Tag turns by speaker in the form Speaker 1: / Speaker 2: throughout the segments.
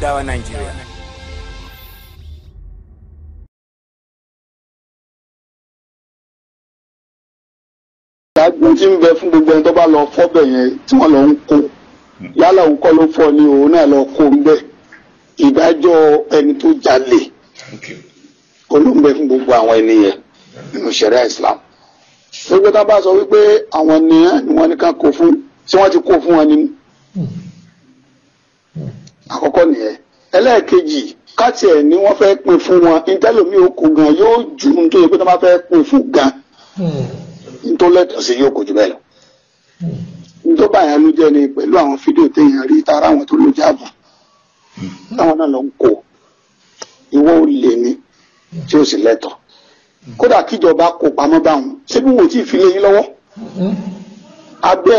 Speaker 1: Dawa Nigeria.
Speaker 2: ìdágún tí bẹ fún gbogbo ẹni tó bá lọ fọ́bẹ̀ yẹn tí wọ́n lọ ń kó yálà òun kọ́ ló fọ́ ni òun náà lọ kó ń bẹ̀ ìdájọ́ ẹni tó jalè olóńgbẹ fún gbogbo àwọn ẹni nínú ṣẹ̀ríà Islam gbogbo tá a bá sọ wípé àwọn nìyẹn ni wọ́n ní ká kó fún tí wọ́n ti kó fún wọn nínú àkọ́kọ́ nìyẹn ẹlẹ́ẹ̀kejì káàtì ẹ̀ ni wọ́n fẹ́ pín fún wọn ìtẹ́lómi òkú gan yóò ju ní tó yẹ pé tó máa fẹ́ pín fún gan hmm. nítorí lẹ́tọ̀ọ́ sí yóò kó jù bẹ́ẹ̀ lọ hmm. tó báyà ló jẹ́ ni pẹ̀lú àwọn fídíò téèyàn rí tara àwọn tó lò jáàbù hmm. táwọn náà lọ ń kó ìwọ ò lè ní tí ó sì lẹ́tọ̀ kódà kíjọba kó pamọ́ báwọn ṣé bí wọn ò tí ì fi lé yín lọ́wọ́ abẹ́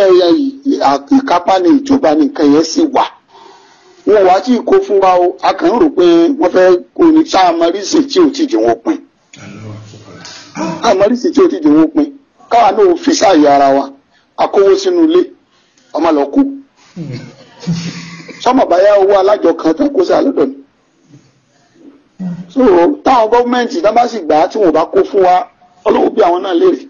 Speaker 2: ìkápá ni ìjọba nìkan yẹn sì wà wọn wá tí kó fún wa o a kàn ń rò pé wọ́n fẹ́ kó ní tá a mọrí sí tí ò ti jù wọ́n pin a mọrí sí tí ò ti jù wọ́n pin káwa náà fi sáàyè ara wa akówó sínú ilé ọmọ lọ kú sọmọ owó alájọ kan tó kó sí alọdọ ni so táwọn gọọmenti náà bá sì gbà á tí wọn bá kó fún wa ọlọ́wọ́ bí àwọn náà léèrè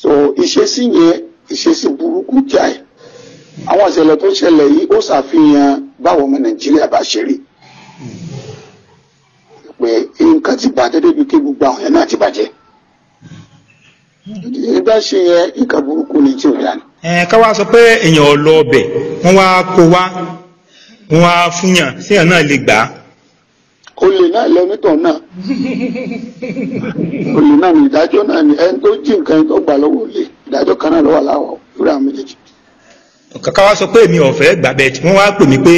Speaker 2: so ìṣesí yẹn ìṣesí burúkú jáì àwọn ìṣẹ̀lẹ̀ tó ṣẹlẹ̀ yìí ó ṣàfihàn báwọn ọmọ nàìjíríà bá ṣe rí pé nǹkan ti bàjẹ́ débi kí gbogbo àwọn yẹn náà ti bàjẹ́ ìdá ṣe yẹ nǹkan burúkú ni tí ò dá ni. ẹ ká wá sọ pé èèyàn ò lọ ọbẹ̀ wọ́n wá kó wá wọ́n wá fúnyàn séèyàn náà lè gbà á. olè náà lọ nítorí náà olè náà ni ìdájọ́ náà ni ẹni tó jí nǹkan ẹni tó gbà lọ́wọ́ olè ìdájọ́ kan náà ló wà láwọ̀ àwọn méjèèjì kàkà wá sọ pé èmi ọ̀fẹ́ gbàbẹ̀ tí wọ́n wá pè mí pé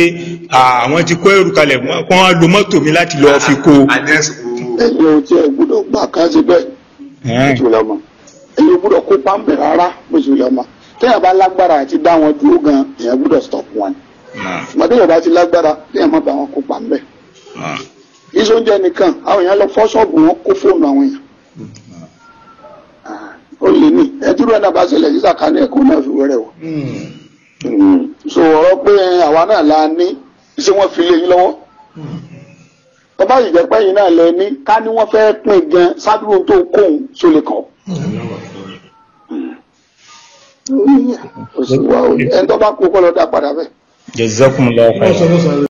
Speaker 2: àwọn ti kó ẹrù kalẹ̀ wọ́n á lo mọ́tò mi láti lọ́ọ́ fi kó. ẹ̀yin ò tí ẹ gbọ́dọ̀ gbà ká ṣe bẹ́ẹ̀ mùsùlùmí ẹ̀yin ò gbọ́dọ̀ kó pàmbẹ̀ rárá mùsùlùmí téèyàn bá lágbára àti dá wọn dúró gan èèyàn gbọ́dọ̀ stop wọn. ṣùgbọ́n téèyàn bá ti lágbára téèyàn má bá wọn kó pàmbẹ̀. iṣẹ́ oúnjẹ nìkan àwọn èèyàn lọ fọ́ ṣọ́ọ̀bù wọn kó fóònù àwọn èèyàn ó lè ní ẹdúró ẹ̀ náà bá ṣẹlẹ̀ sísàkánì ẹ̀kọ́ náà fi wẹ́rẹ́ wọ so ọ̀rọ̀ pé àwa náà la ní ṣé wọ́n fi lé yín lọ́wọ́ bàbá yìí jẹ́ pé yín náà lẹ ní ká ní wọ́n fẹ́ pín gan sádúró tó kóhun sólè kàn. Hmm. ẹni tó bá kú kọ́ lọ dá padà bẹ́ẹ̀.